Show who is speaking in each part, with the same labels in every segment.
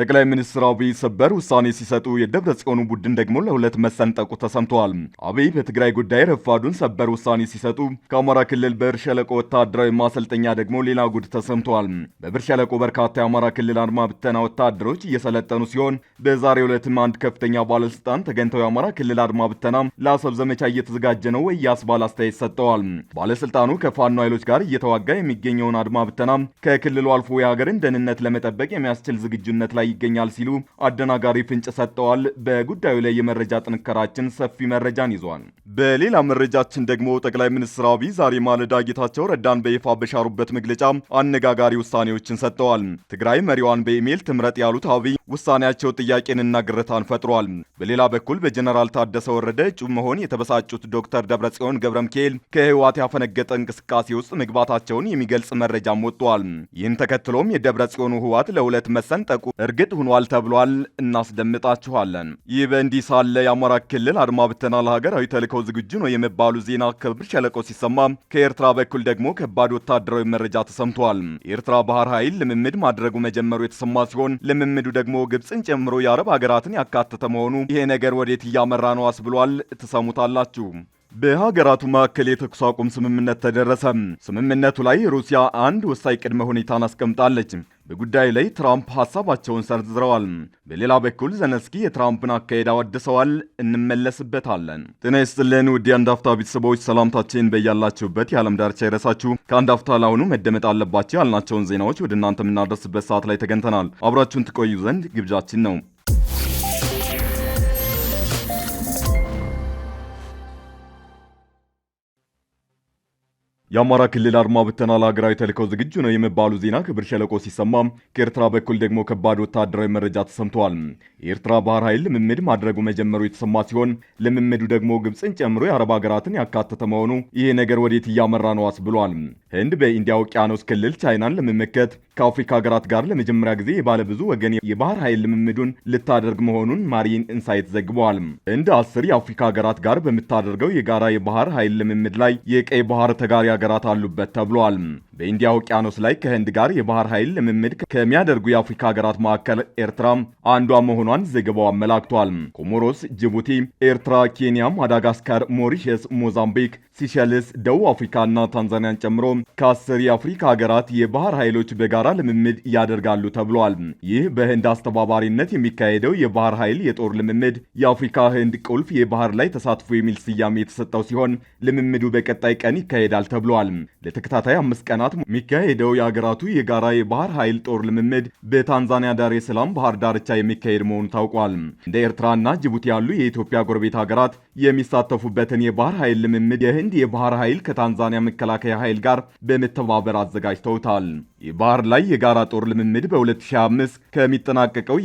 Speaker 1: ጠቅላይ ሚኒስትር አብይ ሰበር ውሳኔ ሲሰጡ የደብረ ጽዮኑ ቡድን ደግሞ ለሁለት መሰንጠቁ ተሰምተዋል። አብይ በትግራይ ጉዳይ ረፋዱን ሰበር ውሳኔ ሲሰጡ፣ ከአማራ ክልል በብር ሸለቆ ወታደራዊ ማሰልጠኛ ደግሞ ሌላ ጉድ ተሰምተዋል። በብር ሸለቆ በርካታ የአማራ ክልል አድማ ብተና ወታደሮች እየሰለጠኑ ሲሆን በዛሬው ዕለትም አንድ ከፍተኛ ባለስልጣን ተገኝተው የአማራ ክልል አድማ ብተና ለአሰብ ዘመቻ እየተዘጋጀ ነው ወይ ያስባል አስተያየት ሰጥተዋል። ባለስልጣኑ ከፋኖ ኃይሎች ጋር እየተዋጋ የሚገኘውን አድማ ብተና ከክልሉ አልፎ የሀገርን ደህንነት ለመጠበቅ የሚያስችል ዝግጁነት ላይ ላይ ይገኛል ሲሉ አደናጋሪ ፍንጭ ሰጥተዋል። በጉዳዩ ላይ የመረጃ ጥንከራችን ሰፊ መረጃን ይዟል። በሌላ መረጃችን ደግሞ ጠቅላይ ሚኒስትር አብይ ዛሬ ማለዳ ጌታቸው ረዳን በይፋ በሻሩበት መግለጫ አነጋጋሪ ውሳኔዎችን ሰጥተዋል። ትግራይ መሪዋን በኢሜይል ትምረጥ ያሉት አብይ ውሳኔያቸው ጥያቄንና ግርታን ፈጥሯል። በሌላ በኩል በጀነራል ታደሰ ወረደ እጩ መሆን የተበሳጩት ዶክተር ደብረጽዮን ገብረ ሚካኤል ከህወሓት ያፈነገጠ እንቅስቃሴ ውስጥ መግባታቸውን የሚገልጽ መረጃም ወጥቷል። ይህን ተከትሎም የደብረጽዮኑ ህወሓት ለሁለት መሰንጠቁ እርግጥ ሆኗል ተብሏል። እናስደምጣችኋለን። ይህ በእንዲህ ሳለ የአማራ ክልል አድማ ብተና ለሀገራዊ ተልእኮው ዝግጁ ነው የሚባሉ ዜና ከብር ሸለቆ ሲሰማ፣ ከኤርትራ በኩል ደግሞ ከባድ ወታደራዊ መረጃ ተሰምቷል። የኤርትራ ባህር ኃይል ልምምድ ማድረጉ መጀመሩ የተሰማ ሲሆን ልምምዱ ደግሞ ግብፅን ጨምሮ የአረብ ሀገራትን ያካተተ መሆኑ ይሄ ነገር ወዴት እያመራ ነው አስብሏል። ትሰሙታላችሁ። በሀገራቱ መካከል የተኩስ አቁም ስምምነት ተደረሰ። ስምምነቱ ላይ ሩሲያ አንድ ወሳኝ ቅድመ ሁኔታን አስቀምጣለች። በጉዳዩ ላይ ትራምፕ ሀሳባቸውን ሰርዝረዋል። በሌላ በኩል ዘለንስኪ የትራምፕን አካሄድ አወድሰዋል። እንመለስበታለን። ጤና ይስጥልን ውድ የአንድ አፍታ ቤተሰቦች፣ ሰላምታችን በያላችሁበት የዓለም ዳርቻ ይረሳችሁ። ከአንድ አፍታ ለአሁኑ መደመጥ አለባቸው ያልናቸውን ዜናዎች ወደ እናንተ የምናደርስበት ሰዓት ላይ ተገኝተናል። አብራችሁን ትቆዩ ዘንድ ግብዣችን ነው። የአማራ ክልል አድማ ብተና ለሀገራዊ ተልእኮው ዝግጁ ነው የሚባሉ ዜና ክብር ሸለቆ ሲሰማ ከኤርትራ በኩል ደግሞ ከባድ ወታደራዊ መረጃ ተሰምተዋል። የኤርትራ ባህር ኃይል ልምምድ ማድረጉ መጀመሩ የተሰማ ሲሆን ልምምዱ ደግሞ ግብፅን ጨምሮ የአረብ ሀገራትን ያካተተ መሆኑ ይህ ነገር ወዴት እያመራ ነው አስብሏል። ህንድ በኢንዲያ ውቅያኖስ ክልል ቻይናን ለመመከት ከአፍሪካ ሀገራት ጋር ለመጀመሪያ ጊዜ የባለብዙ ወገን የባህር ኃይል ልምምዱን ልታደርግ መሆኑን ማሪን እንሳይት ዘግበዋል። እንደ አስር የአፍሪካ ሀገራት ጋር በምታደርገው የጋራ የባህር ኃይል ልምምድ ላይ የቀይ ባህር ተጋሪ ሀገራት ሀገራት አሉበት ተብሏል። በኢንዲያ ውቅያኖስ ላይ ከህንድ ጋር የባህር ኃይል ልምምድ ከሚያደርጉ የአፍሪካ ሀገራት መካከል ኤርትራ አንዷ መሆኗን ዘገባው አመላክቷል። ኮሞሮስ፣ ጅቡቲ፣ ኤርትራ፣ ኬንያ፣ ማዳጋስካር፣ ሞሪሸስ፣ ሞዛምቢክ፣ ሲሸልስ፣ ደቡብ አፍሪካ እና ታንዛኒያን ጨምሮ ከአስር የአፍሪካ ሀገራት የባህር ኃይሎች በጋራ ልምምድ ያደርጋሉ ተብሏል። ይህ በህንድ አስተባባሪነት የሚካሄደው የባህር ኃይል የጦር ልምምድ የአፍሪካ ህንድ ቁልፍ የባህር ላይ ተሳትፎ የሚል ስያሜ የተሰጠው ሲሆን ልምምዱ በቀጣይ ቀን ይካሄዳል ተብሏል። ብለዋል። ለተከታታይ አምስት ቀናት የሚካሄደው የአገራቱ የጋራ የባህር ኃይል ጦር ልምምድ በታንዛኒያ ዳሬ ሰላም ባህር ዳርቻ የሚካሄድ መሆኑ ታውቋል። እንደ ኤርትራና ጅቡቲ ያሉ የኢትዮጵያ ጎረቤት ሀገራት የሚሳተፉበትን የባህር ኃይል ልምምድ የህንድ የባህር ኃይል ከታንዛኒያ መከላከያ ኃይል ጋር በመተባበር አዘጋጅተውታል። የባህር ላይ የጋራ ጦር ልምምድ በ2025 ከሚጠናቀቀው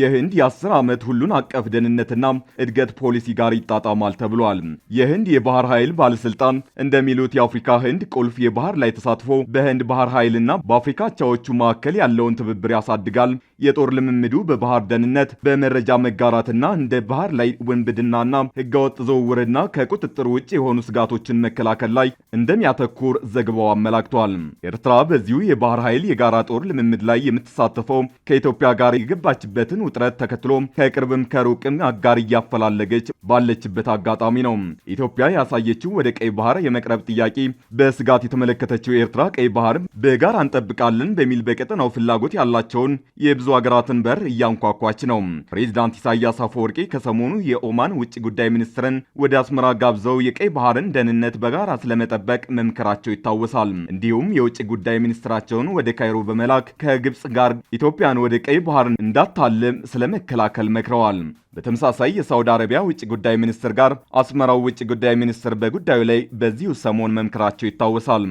Speaker 1: የህንድ የ10 ዓመት ሁሉን አቀፍ ደህንነትና እድገት ፖሊሲ ጋር ይጣጣማል ተብሏል። የህንድ የባህር ኃይል ባለስልጣን እንደሚሉት የአፍሪካ ህንድ ቁልፍ የባህር ላይ ተሳትፎ በህንድ ባህር ኃይልና በአፍሪካ አቻዎቹ መካከል ያለውን ትብብር ያሳድጋል፣ የጦር ልምምዱ በባህር ደህንነት፣ በመረጃ መጋራትና እንደ ባህር ላይ ውንብድናና ህገወጥ ዝውውርና ከቁጥጥር ውጭ የሆኑ ስጋቶችን መከላከል ላይ እንደሚያተኩር ዘግባው አመላክቷል። ኤርትራ በዚሁ የባህር ኃይል የጋራ ጦር ልምምድ ላይ የምትሳተፈው ከኢትዮጵያ ጋር የገባችበትን ውጥረት ተከትሎ ከቅርብም ከሩቅም አጋር እያፈላለገች ባለችበት አጋጣሚ ነው። ኢትዮጵያ ያሳየችው ወደ ቀይ ባህር የመቅረብ ጥያቄ በስጋት የተመለከተችው ኤርትራ ቀይ ባህር በጋራ እንጠብቃለን በሚል በቀጠናው ፍላጎት ያላቸውን የብዙ ብዙ ሀገራትን በር እያንኳኳች ነው። ፕሬዚዳንት ኢሳያስ አፈወርቂ ከሰሞኑ የኦማን ውጭ ጉዳይ ሚኒስትርን ወደ አስመራ ጋብዘው የቀይ ባህርን ደህንነት በጋራ ስለመጠበቅ መምከራቸው ይታወሳል። እንዲሁም የውጭ ጉዳይ ሚኒስትራቸውን ወደ ካይሮ በመላክ ከግብፅ ጋር ኢትዮጵያን ወደ ቀይ ባህር እንዳታልም ስለመከላከል መክረዋል። በተመሳሳይ የሳውዲ አረቢያ ውጭ ጉዳይ ሚኒስትር ጋር አስመራው ውጭ ጉዳይ ሚኒስትር በጉዳዩ ላይ በዚሁ ሰሞን መምከራቸው ይታወሳል።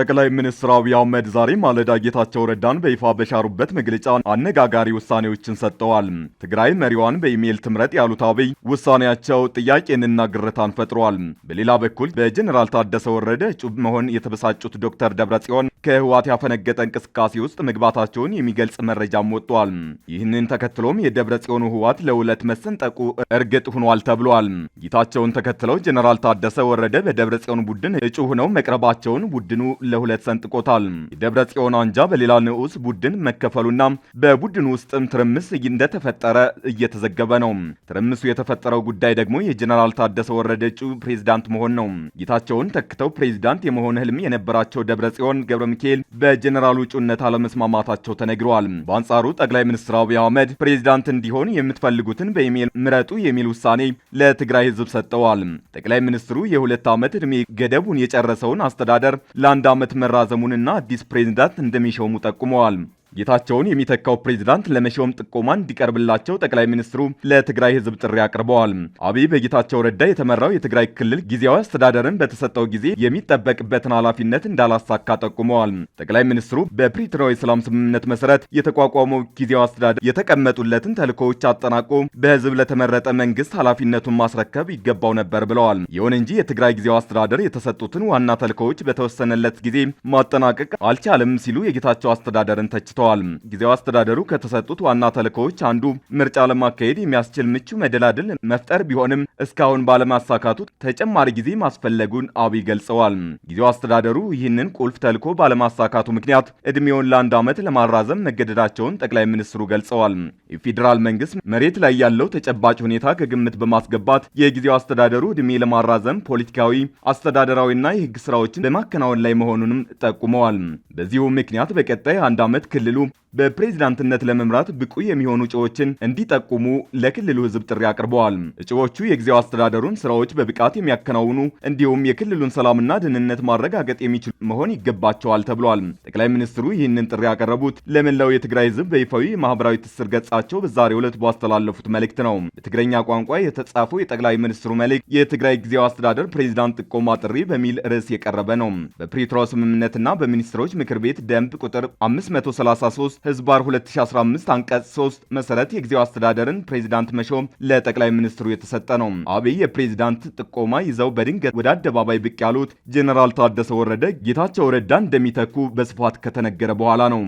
Speaker 1: ጠቅላይ ሚኒስትር አብይ አህመድ ዛሬ ማለዳ ጌታቸው ረዳን በይፋ በሻሩበት መግለጫ አነጋጋሪ ውሳኔዎችን ሰጥተዋል። ትግራይ መሪዋን በኢሜይል ትምረጥ ያሉት አብይ ውሳኔያቸው ጥያቄንና ግርታን ፈጥሯል። በሌላ በኩል በጀኔራል ታደሰ ወረደ እጩ መሆን የተበሳጩት ዶክተር ደብረጽዮን ከህዋት ያፈነገጠ እንቅስቃሴ ውስጥ መግባታቸውን የሚገልጽ መረጃም ወጥቷል። ይህንን ተከትሎም የደብረጽዮኑ ህዋት ለሁለት መሰንጠቁ እርግጥ ሆኗል ተብሏል። ጌታቸውን ተከትለው ጀኔራል ታደሰ ወረደ በደብረጽዮን ቡድን እጩ ሆነው መቅረባቸውን ቡድኑ ለሁለት ሰንጥቆታል። የደብረ ጽዮን አንጃ በሌላ ንዑስ ቡድን መከፈሉና በቡድኑ ውስጥም ትርምስ እንደተፈጠረ እየተዘገበ ነው። ትርምሱ የተፈጠረው ጉዳይ ደግሞ የጀነራል ታደሰ ወረደ እጩ ፕሬዝዳንት መሆን ነው። ጌታቸውን ተክተው ፕሬዝዳንት የመሆን ህልም የነበራቸው ደብረ ጽዮን ገብረ ሚካኤል በጀነራሉ እጩነት አለመስማማታቸው ተነግረዋል። በአንጻሩ ጠቅላይ ሚኒስትር አብይ አህመድ ፕሬዝዳንት እንዲሆን የምትፈልጉትን በኢሜል ምረጡ የሚል ውሳኔ ለትግራይ ህዝብ ሰጥተዋል። ጠቅላይ ሚኒስትሩ የሁለት ዓመት ዕድሜ ገደቡን የጨረሰውን አስተዳደር ለአንድ ዓመት መራዘሙንና አዲስ ፕሬዚዳንት እንደሚሾሙ ጠቁመዋል። ጌታቸውን የሚተካው ፕሬዚዳንት ለመሾም ጥቆማ እንዲቀርብላቸው ጠቅላይ ሚኒስትሩ ለትግራይ ህዝብ ጥሪ አቅርበዋል። አብይ በጌታቸው ረዳ የተመራው የትግራይ ክልል ጊዜያዊ አስተዳደርን በተሰጠው ጊዜ የሚጠበቅበትን ኃላፊነት እንዳላሳካ ጠቁመዋል። ጠቅላይ ሚኒስትሩ በፕሪቶሪያው የሰላም ስምምነት መሰረት የተቋቋመው ጊዜያዊ አስተዳደር የተቀመጡለትን ተልእኮዎች አጠናቆ በህዝብ ለተመረጠ መንግስት ኃላፊነቱን ማስረከብ ይገባው ነበር ብለዋል። ይሁን እንጂ የትግራይ ጊዜያዊ አስተዳደር የተሰጡትን ዋና ተልእኮዎች በተወሰነለት ጊዜ ማጠናቀቅ አልቻለም ሲሉ የጌታቸው አስተዳደርን ተችተዋል። ተናግረዋል። ጊዜው አስተዳደሩ ከተሰጡት ዋና ተልእኮዎች አንዱ ምርጫ ለማካሄድ የሚያስችል ምቹ መደላድል መፍጠር ቢሆንም እስካሁን ባለማሳካቱ ተጨማሪ ጊዜ ማስፈለጉን አብይ ገልጸዋል። ጊዜው አስተዳደሩ ይህንን ቁልፍ ተልእኮ ባለማሳካቱ ምክንያት እድሜውን ለአንድ ዓመት ለማራዘም መገደዳቸውን ጠቅላይ ሚኒስትሩ ገልጸዋል። የፌዴራል መንግስት መሬት ላይ ያለው ተጨባጭ ሁኔታ ከግምት በማስገባት የጊዜው አስተዳደሩ እድሜ ለማራዘም ፖለቲካዊ፣ አስተዳደራዊና የህግ ስራዎችን በማከናወን ላይ መሆኑንም ጠቁመዋል። በዚሁ ምክንያት በቀጣይ አንድ ዓመት ክልል del በፕሬዝዳንትነት ለመምራት ብቁ የሚሆኑ እጩዎችን እንዲጠቁሙ ለክልሉ ህዝብ ጥሪ አቅርበዋል። እጩዎቹ የጊዜው አስተዳደሩን ስራዎች በብቃት የሚያከናውኑ እንዲሁም የክልሉን ሰላምና ደህንነት ማረጋገጥ የሚችሉ መሆን ይገባቸዋል ተብሏል። ጠቅላይ ሚኒስትሩ ይህንን ጥሪ ያቀረቡት ለመላው የትግራይ ህዝብ በይፋዊ ማህበራዊ ትስስር ገጻቸው በዛሬው ዕለት ባስተላለፉት መልእክት ነው። በትግረኛ ቋንቋ የተጻፈው የጠቅላይ ሚኒስትሩ መልእክት የትግራይ ጊዜው አስተዳደር ፕሬዝዳንት ጥቆማ ጥሪ በሚል ርዕስ የቀረበ ነው። በፕሪቶሪያው ስምምነትና በሚኒስትሮች ምክር ቤት ደንብ ቁጥር 533 ህዝባር 2015 አንቀጽ 3 መሰረት የጊዜው አስተዳደርን ፕሬዚዳንት መሾም ለጠቅላይ ሚኒስትሩ የተሰጠ ነው። አብይ የፕሬዚዳንት ጥቆማ ይዘው በድንገት ወደ አደባባይ ብቅ ያሉት ጄኔራል ታደሰ ወረደ ጌታቸው ረዳ እንደሚተኩ በስፋት ከተነገረ በኋላ ነው።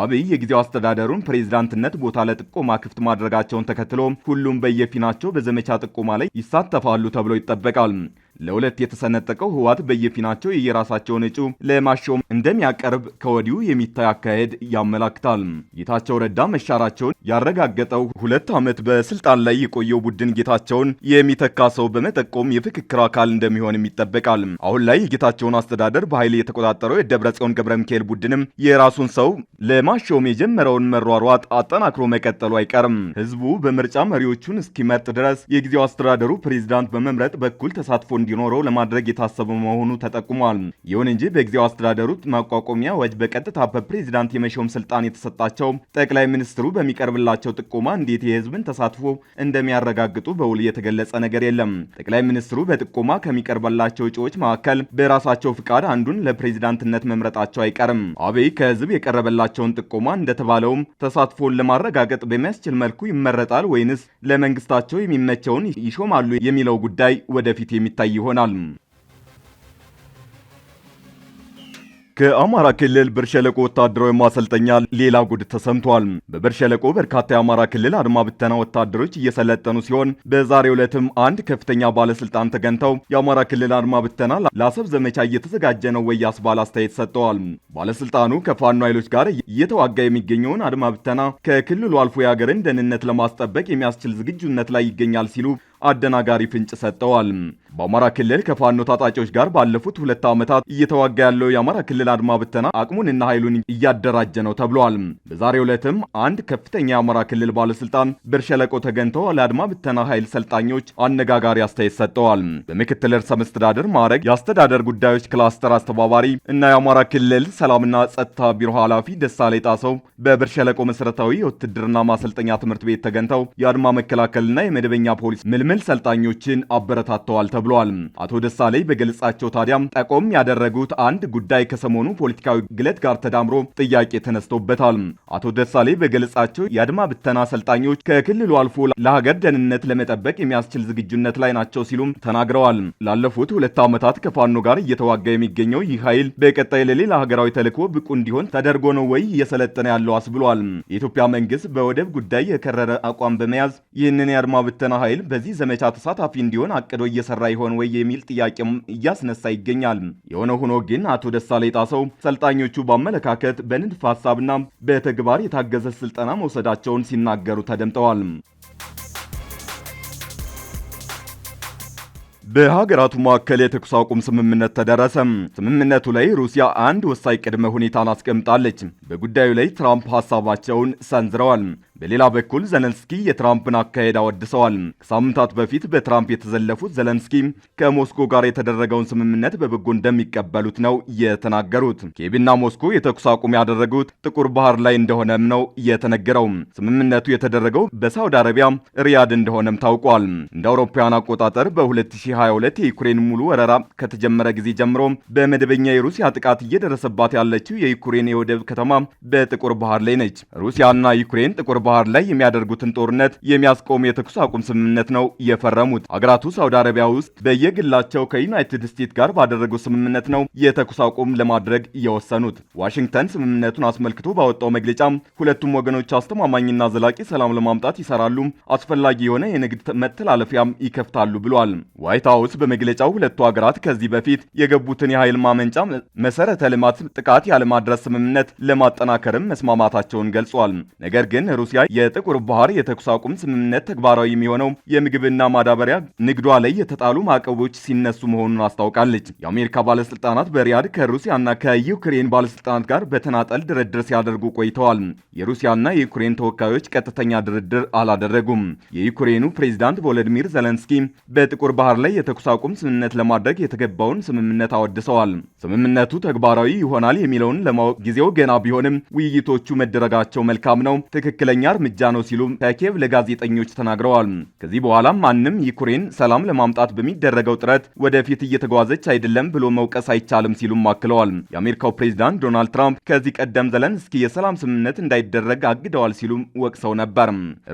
Speaker 1: አብይ የጊዜው አስተዳደሩን ፕሬዝዳንትነት ቦታ ለጥቆማ ክፍት ማድረጋቸውን ተከትሎ ሁሉም በየፊናቸው በዘመቻ ጥቆማ ላይ ይሳተፋሉ ተብሎ ይጠበቃል። ለሁለት የተሰነጠቀው ህወሓት በየፊናቸው የየራሳቸውን እጩ ለማሾም እንደሚያቀርብ ከወዲሁ የሚታይ አካሄድ ያመላክታል። ጌታቸው ረዳ መሻራቸውን ያረጋገጠው ሁለት ዓመት በስልጣን ላይ የቆየው ቡድን ጌታቸውን የሚተካ ሰው በመጠቆም የፍክክር አካል እንደሚሆንም ይጠበቃል። አሁን ላይ የጌታቸውን አስተዳደር በኃይል የተቆጣጠረው የደብረ ጽዮን ገብረ ሚካኤል ቡድንም የራሱን ሰው ለማሾም የጀመረውን መሯሯጥ አጠናክሮ መቀጠሉ አይቀርም። ህዝቡ በምርጫ መሪዎቹን እስኪመርጥ ድረስ የጊዜው አስተዳደሩ ፕሬዚዳንት በመምረጥ በኩል ተሳትፎ እንዲኖረው ለማድረግ የታሰበ መሆኑ ተጠቁሟል። ይሁን እንጂ በጊዜው አስተዳደሩ ማቋቋሚያ ወጅ በቀጥታ በፕሬዚዳንት የመሾም ስልጣን የተሰጣቸው ጠቅላይ ሚኒስትሩ በሚቀርብላቸው ጥቆማ እንዴት የህዝብን ተሳትፎ እንደሚያረጋግጡ በውል የተገለጸ ነገር የለም። ጠቅላይ ሚኒስትሩ በጥቆማ ከሚቀርብላቸው እጩዎች መካከል በራሳቸው ፍቃድ አንዱን ለፕሬዚዳንትነት መምረጣቸው አይቀርም። አብይ ከህዝብ የቀረበላቸውን ጥቆማ እንደተባለውም ተሳትፎን ለማረጋገጥ በሚያስችል መልኩ ይመረጣል ወይንስ ለመንግስታቸው የሚመቸውን ይሾማሉ የሚለው ጉዳይ ወደፊት የሚታይ ይሆናል። ከአማራ ክልል ብር ሸለቆ ወታደራዊ ማሰልጠኛ ሌላ ጉድ ተሰምቷል። በብር ሸለቆ በርካታ የአማራ ክልል አድማ ብተና ወታደሮች እየሰለጠኑ ሲሆን በዛሬው ዕለትም አንድ ከፍተኛ ባለስልጣን ተገኝተው የአማራ ክልል አድማ ብተና ለአሰብ ዘመቻ እየተዘጋጀ ነው ወይ አስባል አስተያየት ሰጥተዋል። ባለስልጣኑ ከፋኖ ኃይሎች ጋር እየተዋጋ የሚገኘውን አድማ ብተና ከክልሉ አልፎ የሀገርን ደህንነት ለማስጠበቅ የሚያስችል ዝግጁነት ላይ ይገኛል ሲሉ አደናጋሪ ፍንጭ ሰጥተዋል። በአማራ ክልል ከፋኖ ታጣቂዎች ጋር ባለፉት ሁለት ዓመታት እየተዋጋ ያለው የአማራ ክልል አድማ ብተና አቅሙንና ኃይሉን እያደራጀ ነው ተብሏል። በዛሬው ዕለትም አንድ ከፍተኛ የአማራ ክልል ባለስልጣን ብርሸለቆ ተገኝተው ለአድማ ብተና ኃይል ሰልጣኞች አነጋጋሪ አስተያየት ሰጥተዋል። በምክትል ርዕሰ መስተዳደር ማዕረግ የአስተዳደር ጉዳዮች ክላስተር አስተባባሪ እና የአማራ ክልል ሰላምና ጸጥታ ቢሮ ኃላፊ ደሳሌ ጣሰው በብርሸለቆ መሰረታዊ የውትድርና ማሰልጠኛ ትምህርት ቤት ተገኝተው የአድማ መከላከልና የመደበኛ ፖሊስ ምልምል ሰልጣኞችን አበረታተዋል ተብሏል። አቶ ደሳለኝ በገለጻቸው ታዲያም ጠቆም ያደረጉት አንድ ጉዳይ ከሰሞኑ ፖለቲካዊ ግለት ጋር ተዳምሮ ጥያቄ ተነስቶበታል። አቶ ደሳለኝ በገለጻቸው የአድማ ብተና አሰልጣኞች ከክልሉ አልፎ ለሀገር ደህንነት ለመጠበቅ የሚያስችል ዝግጁነት ላይ ናቸው ሲሉም ተናግረዋል። ላለፉት ሁለት ዓመታት ከፋኖ ጋር እየተዋጋ የሚገኘው ይህ ኃይል በቀጣይ ለሌላ ሀገራዊ ተልዕኮ ብቁ እንዲሆን ተደርጎ ነው ወይ እየሰለጠነ ያለው አስብሏል። የኢትዮጵያ መንግስት በወደብ ጉዳይ የከረረ አቋም በመያዝ ይህንን የአድማ ብተና ኃይል በዚህ ዘመቻ ተሳታፊ እንዲሆን አቅዶ እየሰራ ይሆን ወይ የሚል ጥያቄም እያስነሳ ይገኛል። የሆነ ሆኖ ግን አቶ ደሳሌ ጣሰው ሰልጣኞቹ በአመለካከት በንድፈ ሀሳብና በተግባር የታገዘ ስልጠና መውሰዳቸውን ሲናገሩ ተደምጠዋል። በሀገራቱ መካከል የተኩስ አቁም ስምምነት ተደረሰ። ስምምነቱ ላይ ሩሲያ አንድ ወሳኝ ቅድመ ሁኔታን አስቀምጣለች። በጉዳዩ ላይ ትራምፕ ሀሳባቸውን ሰንዝረዋል። በሌላ በኩል ዘለንስኪ የትራምፕን አካሄድ አወድሰዋል። ከሳምንታት በፊት በትራምፕ የተዘለፉት ዘለንስኪ ከሞስኮ ጋር የተደረገውን ስምምነት በበጎ እንደሚቀበሉት ነው የተናገሩት። ኬቪና ሞስኮ የተኩስ አቁም ያደረጉት ጥቁር ባህር ላይ እንደሆነም ነው የተነገረው። ስምምነቱ የተደረገው በሳውዲ አረቢያ ሪያድ እንደሆነም ታውቋል። እንደ አውሮፓውያን አቆጣጠር በ2022 የዩክሬን ሙሉ ወረራ ከተጀመረ ጊዜ ጀምሮ በመደበኛ የሩሲያ ጥቃት እየደረሰባት ያለችው የዩክሬን የወደብ ከተማ በጥቁር ባህር ላይ ነች። ሩሲያና ዩክሬን ጥቁር ባህር ላይ የሚያደርጉትን ጦርነት የሚያስቆም የተኩስ አቁም ስምምነት ነው የፈረሙት። ሀገራቱ ሳውዲ አረቢያ ውስጥ በየግላቸው ከዩናይትድ ስቴትስ ጋር ባደረገው ስምምነት ነው የተኩስ አቁም ለማድረግ የወሰኑት። ዋሽንግተን ስምምነቱን አስመልክቶ ባወጣው መግለጫም ሁለቱም ወገኖች አስተማማኝና ዘላቂ ሰላም ለማምጣት ይሰራሉ፣ አስፈላጊ የሆነ የንግድ መተላለፊያም ይከፍታሉ ብሏል። ዋይት ሀውስ በመግለጫው ሁለቱ ሀገራት ከዚህ በፊት የገቡትን የኃይል ማመንጫ መሰረተ ልማት ጥቃት ያለማድረስ ስምምነት ለማጠናከርም መስማማታቸውን ገልጿል። ነገር ግን ሩሲያ የጥቁር ባህር የተኩስ አቁም ስምምነት ተግባራዊ የሚሆነው የምግብና ማዳበሪያ ንግዷ ላይ የተጣሉ ማዕቀቦች ሲነሱ መሆኑን አስታውቃለች። የአሜሪካ ባለስልጣናት በሪያድ ከሩሲያና ከዩክሬን ባለስልጣናት ጋር በተናጠል ድርድር ሲያደርጉ ቆይተዋል። የሩሲያና የዩክሬን ተወካዮች ቀጥተኛ ድርድር አላደረጉም። የዩክሬኑ ፕሬዚዳንት ቮሎዲሚር ዘለንስኪ በጥቁር ባህር ላይ የተኩስ አቁም ስምምነት ለማድረግ የተገባውን ስምምነት አወድሰዋል። ስምምነቱ ተግባራዊ ይሆናል የሚለውን ለማወቅ ጊዜው ገና ቢሆንም ውይይቶቹ መደረጋቸው መልካም ነው፣ ትክክለኛ እርምጃ ነው ሲሉ ተኬቭ ለጋዜጠኞች ተናግረዋል። ከዚህ በኋላም ማንም ዩክሬን ሰላም ለማምጣት በሚደረገው ጥረት ወደፊት እየተጓዘች አይደለም ብሎ መውቀስ አይቻልም ሲሉም አክለዋል። የአሜሪካው ፕሬዚዳንት ዶናልድ ትራምፕ ከዚህ ቀደም ዘለንስኪ የሰላም ስምምነት እንዳይደረግ አግደዋል ሲሉ ወቅሰው ነበር።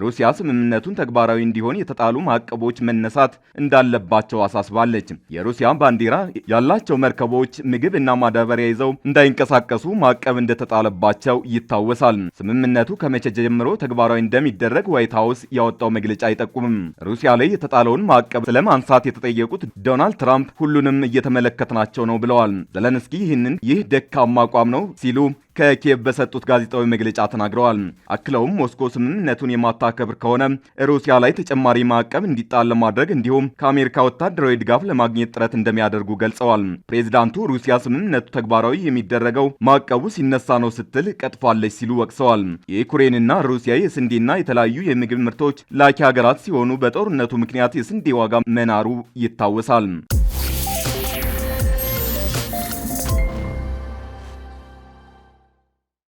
Speaker 1: ሩሲያ ስምምነቱን ተግባራዊ እንዲሆን የተጣሉ ማዕቀቦች መነሳት እንዳለባቸው አሳስባለች። የሩሲያ ባንዲራ ያላቸው መርከቦች ምግብ እና ማዳበሪያ ይዘው እንዳይንቀሳቀሱ ማዕቀብ እንደተጣለባቸው ይታወሳል። ስምምነቱ ከመቼ ጀምሮ ተግባራዊ እንደሚደረግ ዋይት ሀውስ ያወጣው መግለጫ አይጠቁምም። ሩሲያ ላይ የተጣለውን ማዕቀብ ስለማንሳት የተጠየቁት ዶናልድ ትራምፕ ሁሉንም እየተመለከትናቸው ነው ብለዋል። ዘለንስኪ ይህንን ይህ ደካማ አቋም ነው ሲሉ ከኪየቭ በሰጡት ጋዜጣዊ መግለጫ ተናግረዋል። አክለውም ሞስኮ ስምምነቱን የማታከብር ከሆነ ሩሲያ ላይ ተጨማሪ ማዕቀብ እንዲጣል ለማድረግ እንዲሁም ከአሜሪካ ወታደራዊ ድጋፍ ለማግኘት ጥረት እንደሚያደርጉ ገልጸዋል። ፕሬዚዳንቱ ሩሲያ ስምምነቱ ተግባራዊ የሚደረገው ማዕቀቡ ሲነሳ ነው ስትል ቀጥፋለች ሲሉ ወቅሰዋል። የዩክሬንና ሩሲያ ሩሲያ የስንዴና የተለያዩ የምግብ ምርቶች ላኪ ሀገራት ሲሆኑ በጦርነቱ ምክንያት የስንዴ ዋጋ መናሩ ይታወሳል።